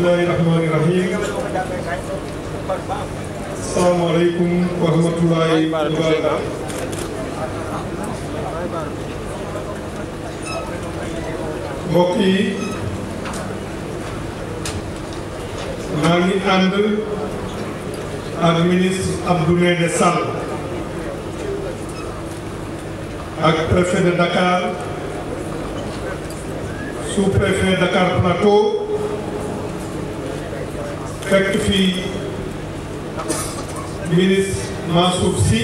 bismillahi rahmaani rahim mbokk yi maa ak ministre Abdou Ndéné Sall ak préfet de Dakar sous-préfet Dakar Plateau fekk fii ministre Mansour Sy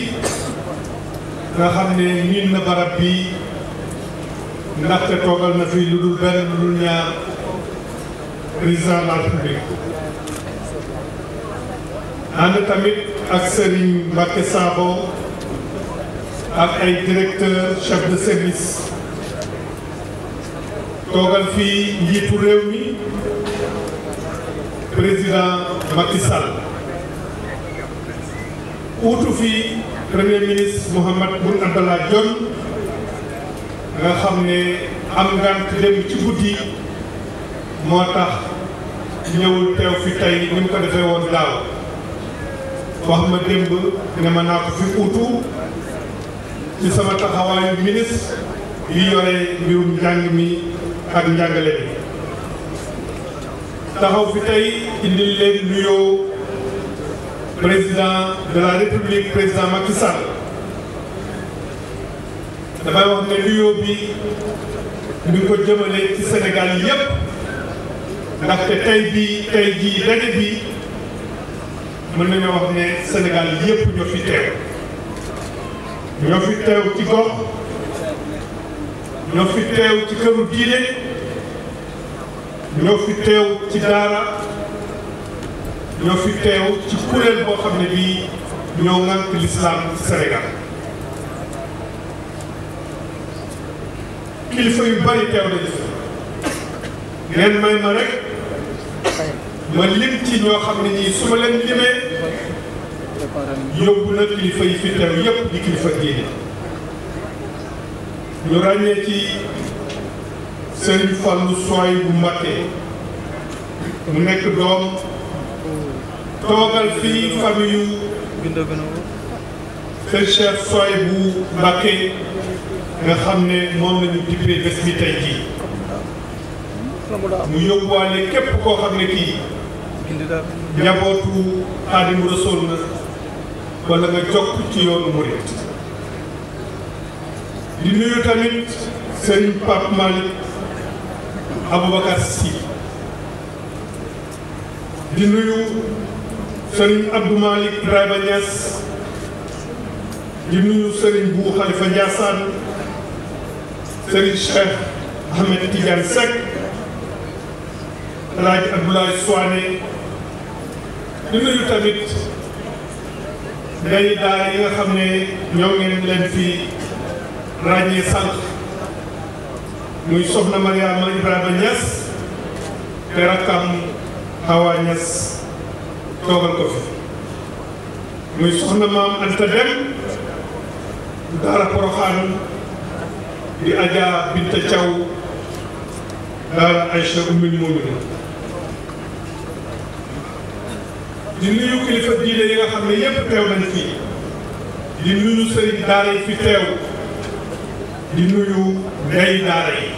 nga xam ne miin na barab bi ndaxte toogal na fii lu dul benn lu dul ñaar président de la République ànd tamit ak Serigne Mbacké Sabo ak ay directeur de service toogal fii njiitu réew président matisal Sall uutu fi premier ministre Mouhamed Boun Abdallah Dionne nga xam ne am ngant dem ci guddi moo tax ñëwul teew fi tey ni ko defee woon daaw wax ma démb ne ma naa ko fi uutu ci sama taxawaayu ministre yu yore mbirum njàng mi ak njàngale taxaw fi tey indil leen nuyoo président de la république président Macky Sall wax ne nuyoo bi ñu ko jëmale ci Sénégal yépp ndaxte tey bi tey jii daje bi mën nañoo wax ne Sénégal yépp ñoo fi teew ñoo fi teew ci ñoo fi teew ci këru diine ñoo fi teew ci daara ñoo fi teew ci kuréel boo xam ne bii ñoo ŋànk lislaam ci Sénégal kilifa yu bari teew nañu fi ngeen may ma rek ma lim ci ñoo xam ne nii su ma leen limee yóbbu na kilifa yi fi teew yépp di kilifa diine ñu ràññee ci sëriñ Fallu sooy bu Mbakke mu nekk doom toogal fii famille sëriñ Cheikh sooy bu Mbakke nga xam ne moom la ñu dippee bi tey mu yóbbuwaale képp koo xam ne kii njabootu Xaadimu Rasuul na wala nga jokk ci yoonu murit di nuyu tamit sëriñ Pape Aboubacar si di nuyu Serigne Abdou Malick Ibrahima Niass di nuyu Serigne Bou Khalifa Ndiassane Serigne Cheikh Ahmed Tidiane Seck El Hadj Abdoulaye di nuyu tamit ndey daara yi nga xam ne ñoo ngeen leen fi ràññee sànq. muy soxna Mariama Ibrahima Niass te rakkam Hawa Niass toogal ko fi muy soxna maam Anta Dem daara Poroxaan di Adja Binta Thiaw daara Aïcha Ummul Muminin di nuyu kilifa diine yi nga xam ne yépp teew nañ fii di nuyu sëriñ daara yi fi teew di nuyu ndey daara yi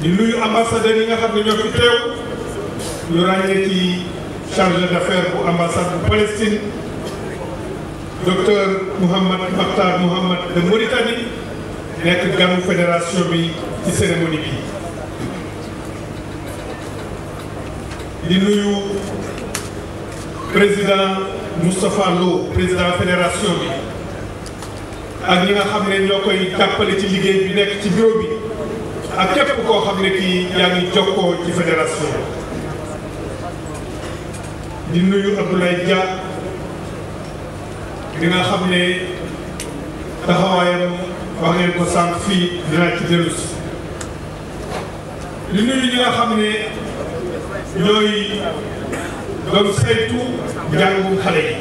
di nuyu ambassadeur yi nga xam ne ñoo fi teew ñu ràññee ci chargé d'affaires bu ambassade bu Palestine docteur Mouhamad Makhtar Mouhamad de Mauritanie nekk ganu fédération bi ci cérémonie bi di nuyu président Moustapha Lo président fédération bi ak ñi nga xam ne ñoo koy jàppale ci liggéey bi nekk ci bureau bi ak képp koo xam ne kii yaa ngi jokkoo ci fédération di nuyu Abdoulaye Dia di nga xam ne taxawaayam wax ko sànq fii dinaa ci dellu si di nuyu ñi nga xam ne ñooy doon saytu njàngum xale yi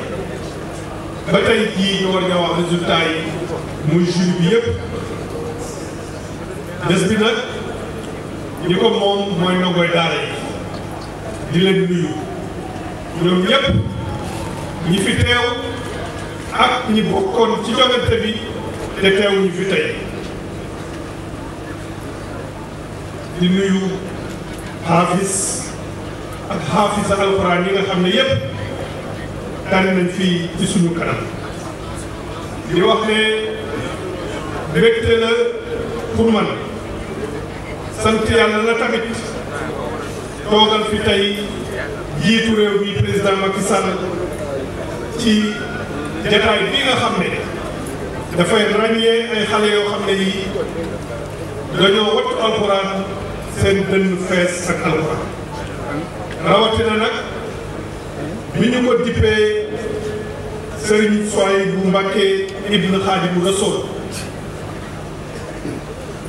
ba tey jii ñu war nga wax résultat yi muy jury bi yëpp bés bi nag ñi ko moom mooy ndongoy daara yi di leen ñoom ñëpp ñi fi teew ak ñi bokkoon ci jogante bi te teew ñu fi tey di nuyu xaafis ak xaafisa alxuraan yi nga xam ne yëpp tànn nañ fii ci suñu kanam di wax ne mbégte la pour man sant yàlla la tamit toogal fi tey jiitu réew mi président Macky Sall ci jataay bi nga xam ne dafay ràññee ay xale yoo xam ne yii dañoo wattu alxuraan seen dënn fees ak alxuraan rawatina nag bi ñu ko dippee Serigne Soye bu Mbacke Ibn Khadimou Rassoul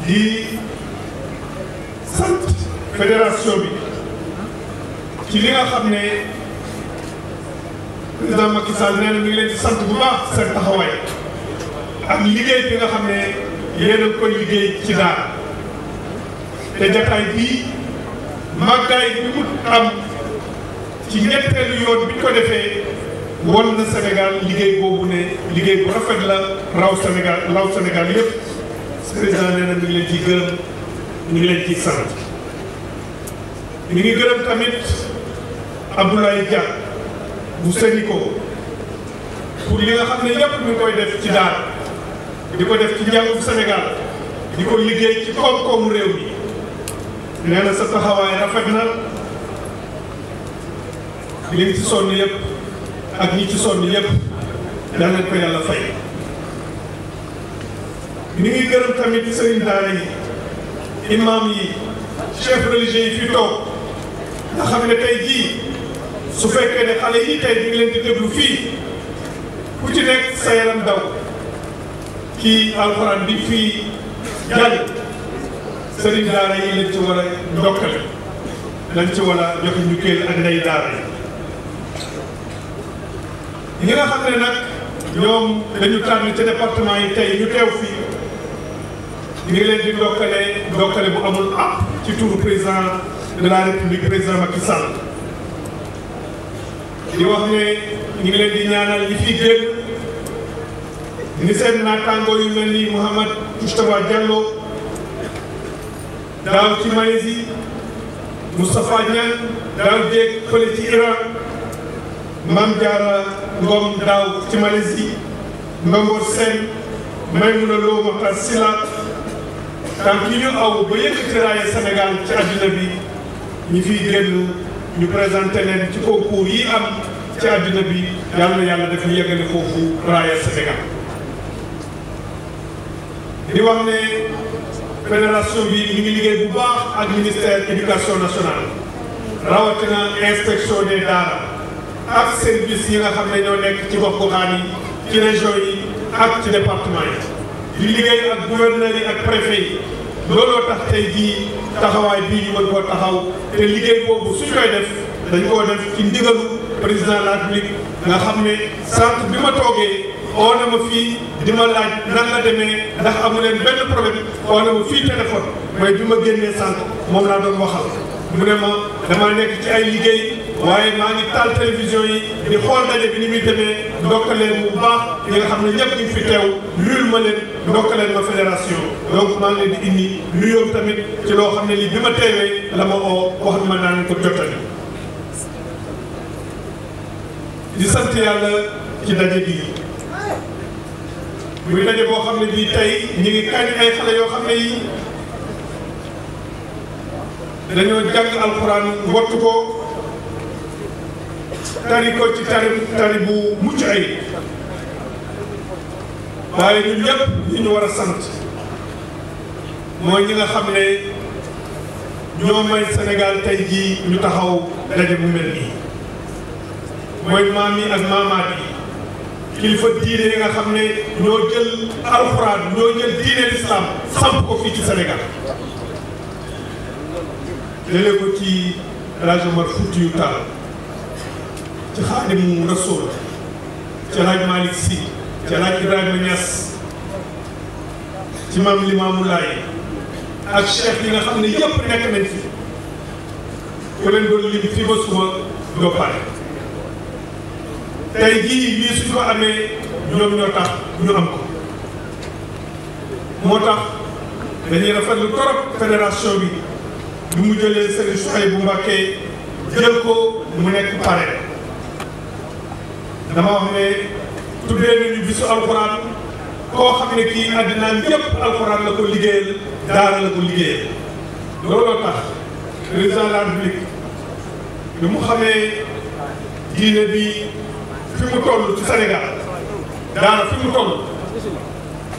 di sant fédération bi ci li nga xam ne président Macky Sall nee na leen di sant bu baax seen taxawaay ak liggéey bi nga xam ne yéen a koy liggéey ci daara te jataay bii màggaay bi mu am ci ñetteelu yoon bi ko defee won na Sénégal liggéey boobu ne liggéey bu rafet la raw Sénégal raw Sénégal yëpp. président nee na mi ngi leen ci gërëm mi ngi leen ci sant mi ngi gërëm tamit Abdoulaye Dia bu Sénico pour li nga xam ne yépp lu ngi koy def ci daal di ko def ci njàngum Sénégal di ko liggéey ci koom-koomu réew mi nee na sa taxawaay rafet na li ngi ci sonn yépp ak ñi ci sonn yépp daan nañ ko yàlla fay ñu ngi gërëm tamit sëriñ daara yi imam yi chef religieux yi fi toog nga xam ne tey jii su fekkee ne xale yi tey ñu ngi leen di déglu fii ku ci nekk sa yaram daw kii alxuraan bi fii jàng sëriñ daara yi lañ ci war a ndokkale lañ ci war a joxe ñu kéel ak xam ne nag ñoom dañu tànn ci département yi tey ñu teew fii ñu di ndokkale ndokkale bu amul ab ci turu président de la république président Macky Sall di wax ne ñu di ñaanal ñi fi ni seen naataangoo yu mel ni Mouhamad Moustapha Diallo daaw ci Malaisie Moustapha Niang daaw jéeg fële ci Iran Mame Diarra Ngom daaw ci Malaisie Ndongo Sène Maimouna Lo Makhtar Sylla tànk yi ñu aw ba yëkk tëraayu Sénégal ci àdduna bi ñu fiy génn ñu présenté leen ci concours yi am ci àdduna bi yàlla na yàlla daf ñu yeggali foofu raaya Sénégal di wax ne fédération bi ñu ngi liggéey bu baax ak ministère éducation nationale rawatina inspection des daara ak service yi nga xam ne ñoo nekk ci gox goxaan yi ci région yi ak ci département yi di liggéey ak gouverneur yi ak préfet yi looloo tax tey jii taxawaay bi ñu mën koo taxaw te liggéey boobu su koy def dañ koo def ci ndigalu président de la République nga xam ne centre bi ma toogee oo na ma fii di ma laaj nan la demee ndax amu leen benn problème oo ne ma fii téléphone mooy bi ma génnee centre moom laa doon waxal mu ne ma damaa nekk ci ay liggéey waaye maa ngi taal télévision yi di xool daje bi ni muy demee ndokk bu baax ñi nga xam ne ñëpp ñu fi teew luyul ma leen ndokk leen ma fédération donc maa ngi di indi nuyoo tamit ci loo xam ne lii bi ma teewee la ma oo wax ma di sant yàlla ci daje bi muy daje boo xam ne bii tey ñu ngi kañ ay xale yoo xam ne yi dañoo jàng alxuraan wattu ko tari ko ci tari tari bu mucc ay waaye ñun ñëpp ñu war a sant mooy ñi nga xam ne ñoo may Sénégal tey jii ñu taxaw daje bu mel nii mooy maam ak maamaat yi kilifa diine nga xam ne ñoo jël alxuraan ñoo jël diine lislaam samp ko fii ci senegal jëlee ko ci rajo Mar Fuutiyu ci Xaadimu Rasuul ci Alaaji Maalik Si ci Alaaji Ibrahima Ñas ci maam Limaamu Laay ak chef yi nga xam ne yëpp nekk nañ fi ku leen doon lim ba suba tey jii lii su ko amee ñoom ñoo tax ñu am ko moo tax dañuy rafetlu torop fédération bi bi mu jëlee Serigne Souhaïbou Mbacké jël ko mu nekk pare dama wax ne tuddee nañu bisu alxuraan koo xam ne kii àddina ñëpp alxuraan la ko liggéeyal daara la ko liggéeyal looloo tax président de la mu xamee diine bi fi mu toll ci Sénégal daara fi mu toll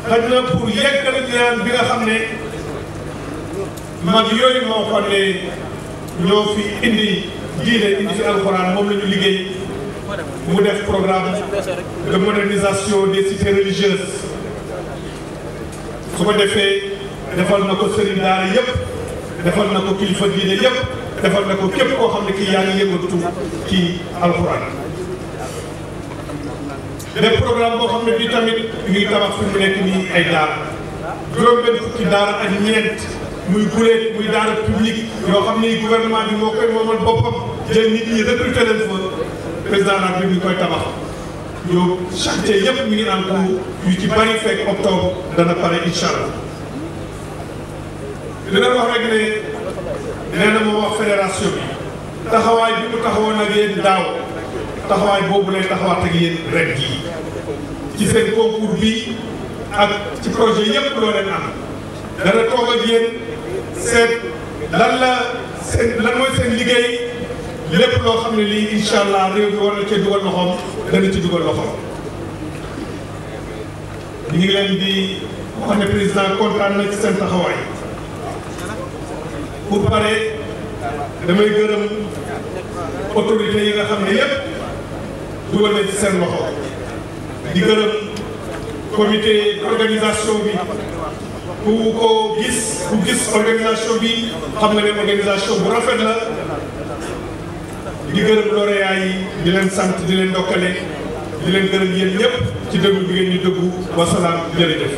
xaj na pour yeggal ñaan bi nga xam ne mag yooyu moo xam ne ñoo fi indi diine indi fi alxuraan moom la ñu liggéey mu def programme de modernisation des cités religieuses su ko defee defal na ko sëriñ daara yëpp defal na ko kilifa diine yëpp defal na ko képp koo xam ne kii yaa ngi yëngatu ci alxuraan def programme boo xam ne bii tamit ñuy tabax fi nekk nii ay daara juróom benn fukki daara ñeent muy guleet muy daara publique yoo xam ni gouvernement bi moo koy moomal boppam jël nit ñi recruter leen président de la République koy tabax yow chantier yëpp mi ngi en cours yu ci bari fekk octobre dana pare incha allah li leen wax ne na moo wax fédération bi taxawaay bi mu taxawoon ak yéen daaw taxawaay boobu lay taxawaat ak yéen ren jii ci seen concours ak ci projet yëpp loo leen am dana toog ak yéen seet lan la seen lépp loo xam ne lii incha allah réew mi war cee dugal loxoom dana ci dugal loxoom. ñu ngi leen di wax ne président kontaan na ci seen taxawaay bu paree damay yi nga xam ne yépp dugal na ci seen loxo di gërëm comité d'organisation bi ku ko gis organisation bi xam nga ne organisation bu rafet la. di gërëm lauréat yi di leen sant di leen ndokkale di leen gërëm yéen ñëpp ci déglu bi ngeen ñu dëggu wasalaam jërëjëf